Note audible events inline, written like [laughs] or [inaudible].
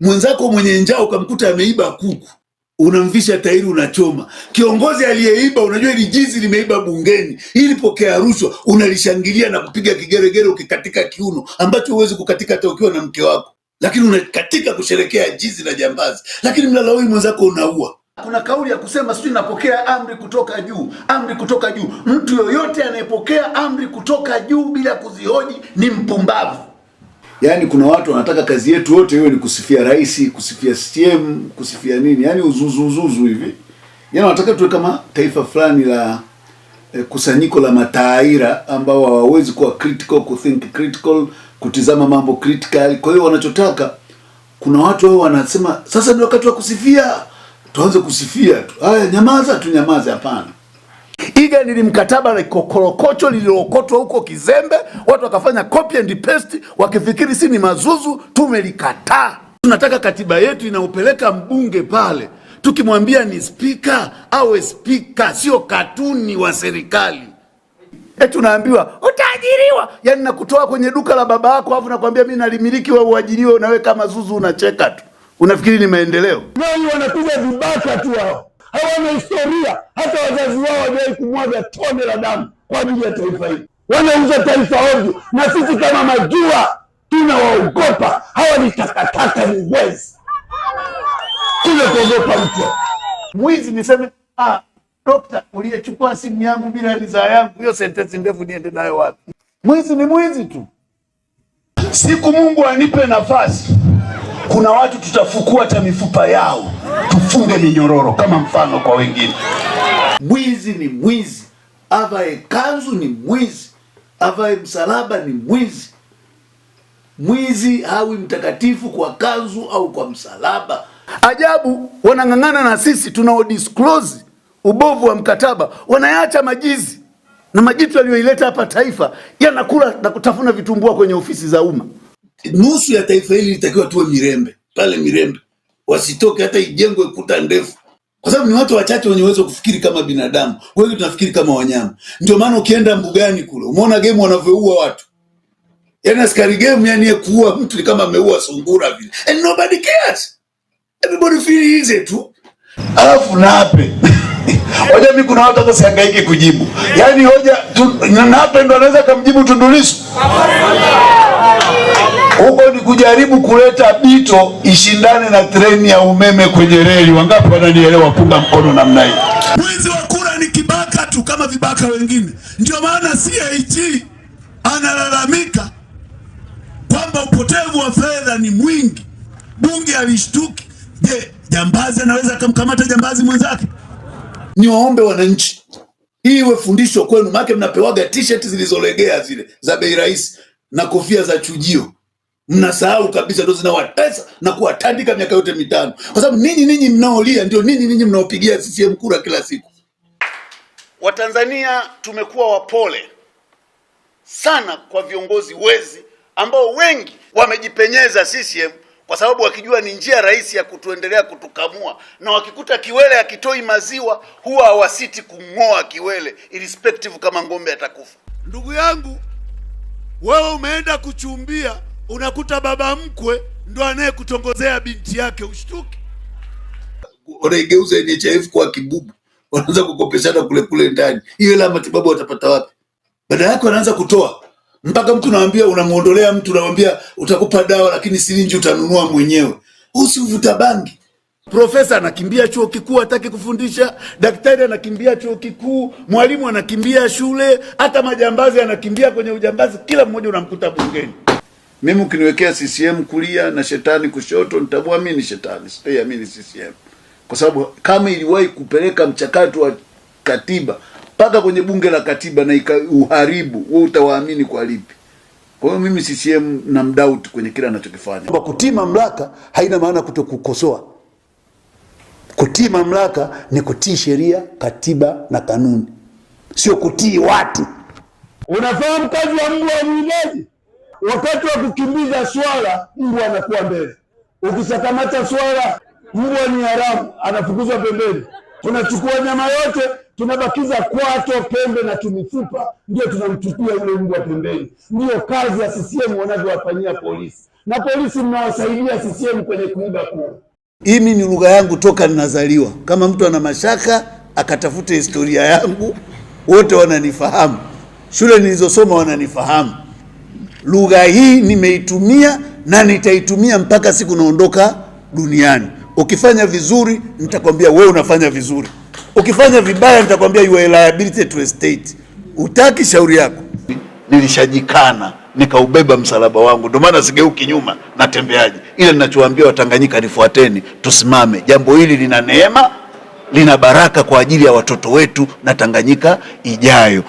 mwenzako mwenye njaa ukamkuta ameiba kuku, unamvisha tairi, unachoma. Kiongozi aliyeiba, unajua ili jizi limeiba bungeni, ili pokea rushwa, unalishangilia na kupiga kigeregere, ukikatika kiuno ambacho huwezi kukatika hata ukiwa na mke wako, lakini unakatika kusherekea jizi na jambazi, lakini mlalahoi mwenzako unaua. Kuna kauli ya kusema sijui napokea amri kutoka juu, amri kutoka juu. Mtu yoyote anayepokea amri kutoka juu bila kuzihoji ni mpumbavu. Yaani kuna watu wanataka kazi yetu yote iwe ni kusifia rais, kusifia CCM, kusifia nini, yaani uzuzu uzuzu hivi. Yaani wanataka tuwe kama taifa fulani la eh, kusanyiko la mataaira ambao hawawezi kuwa critical, kuthink critical, kutizama mambo critical. Kwa hiyo wanachotaka, kuna watu wao wanasema sasa ni wakati wa kusifia, tuanze kusifia tu. Haya, nyamaza tu, nyamaze. Hapana. Iga ni mkataba na kokorokocho lililokotwa huko kizembe, watu wakafanya copy and paste, wakifikiri si ni mazuzu. Tumelikataa. Tunataka katiba yetu inaopeleka mbunge pale, tukimwambia ni spika awe spika, sio katuni wa serikali. E, tunaambiwa utaajiriwa, yani nakutoa kwenye duka la baba yako, alafu nakwambia mi nalimiliki, wa uajiriwe, unawe kama zuzu unacheka tu, unafikiri ni maendeleo? Wao vibaka tu hao hawana historia, hata wazazi wao hawajawahi kumwaga tone la damu kwa ajili ya taifa hili. Wanauza taifa ovyo, na sisi kama majua tunawaogopa. Hawa ni takataka, ni wezi, kuja kuogopa mtu mwizi. Niseme ah, dokta, uliyechukua simu yangu bila ridhaa yangu, hiyo sentensi ndefu niende nayo wapi? Mwizi ni mwizi tu. Siku Mungu anipe nafasi, kuna watu tutafukua hata mifupa yao tufunge minyororo kama mfano kwa wengine. Mwizi ni mwizi, avae kanzu ni mwizi, avae msalaba ni mwizi. Mwizi hawi mtakatifu kwa kanzu au kwa msalaba. Ajabu, wanang'ang'ana na sisi tunao disclose ubovu wa mkataba, wanayaacha majizi na majitu yaliyoileta hapa taifa yanakula na kutafuna vitumbua kwenye ofisi za umma. Nusu ya taifa hili litakiwa tuwe Mirembe, pale Mirembe wasitoke hata ijengwe kuta ndefu, kwa sababu ni watu wachache wenye uwezo kufikiri kama binadamu. Wengi tunafikiri kama wanyama. Ndio maana ukienda mbugani kule umeona game wanavyoua watu, yani askari game, yani kuua mtu ni kama ameua sungura vile, and nobody cares, everybody feel easy tu, alafu nape [laughs] hoja mimi, kuna watu hata sihangaiki kujibu, yaani hoja tu, nape ndo anaweza kumjibu Tundu Lissu huko ni kujaribu kuleta Bito ishindane na treni ya umeme kwenye reli. Wangapi wananielewa? Punga mkono namna hii. Mwizi wa kura ni kibaka tu kama vibaka wengine. Ndio maana CAG analalamika kwamba upotevu wa fedha ni mwingi, bunge alishtuki. Je, jambazi anaweza akamkamata jambazi mwenzake? Niwaombe wananchi, hii iwe fundisho kwenu, make mnapewaga t-shirt zilizolegea zile za bei rahisi na kofia za chujio mnasahau kabisa, ndo zinawatesa na kuwatandika miaka yote mitano, kwa sababu ninyi ninyi mnaolia ndio ninyi ninyi mnaopigia CCM kura kila siku. Watanzania tumekuwa wapole sana kwa viongozi wezi ambao wengi wamejipenyeza CCM kwa sababu wakijua ni njia rahisi ya kutuendelea kutukamua, na wakikuta kiwele akitoi maziwa huwa hawasiti kung'oa kiwele irrespective kama ng'ombe atakufa. Ndugu yangu, wewe umeenda kuchumbia unakuta baba mkwe ndo anayekutongozea binti yake, ushtuki. Wanaigeuza NHIF kwa kibubu, wanaanza kukopeshana kule kule ndani. Hiyo hela matibabu watapata wapi? Baada yake wanaanza kutoa mpaka mtu naambia, unamwondolea mtu, unamwambia utakupa dawa, lakini sirinji utanunua mwenyewe, usivuta bangi. Profesa anakimbia chuo kikuu, hataki kufundisha. Daktari anakimbia chuo kikuu, mwalimu anakimbia shule, hata majambazi anakimbia kwenye ujambazi. Kila mmoja unamkuta bungeni. Mimi ukiniwekea CCM kulia na shetani kushoto, nitamwamini shetani, sitaiamini CCM, kwa sababu kama iliwahi kupeleka mchakato wa katiba mpaka kwenye bunge la katiba na ikauharibu, wewe utawaamini kwa lipi? Kwa hiyo mimi CCM na mdoubt kwenye kila anachokifanya. Kutii mamlaka haina maana kutokukosoa. Kutii mamlaka ni kutii sheria, katiba na kanuni, sio kutii watu. Unafahamu kazi ya Mungu wa Wakati wa kukimbiza swala, mbwa anakuwa mbele. Ukisakamata swala, mbwa ni haramu, anafukuzwa pembeni. Tunachukua nyama yote tunabakiza kwato, pembe na tumifupa, ndio tunamchukua yule mbwa pembeni. Ndiyo kazi ya CCM wanavyowafanyia polisi, na polisi mnawasaidia CCM kwenye kuiba kura. Mimi ni lugha yangu toka ninazaliwa. Kama mtu ana mashaka akatafute historia yangu, wote wananifahamu, shule nilizosoma wananifahamu lugha hii nimeitumia na nitaitumia mpaka siku naondoka duniani. Ukifanya vizuri nitakwambia wewe unafanya vizuri, ukifanya vibaya nitakwambia you are liability to state. Utaki shauri yako. Nilishajikana nikaubeba msalaba wangu, ndio maana sigeuki nyuma, natembeaje? Ile ninachowaambia Watanganyika, nifuateni, tusimame. Jambo hili lina neema, lina baraka kwa ajili ya watoto wetu na Tanganyika ijayo.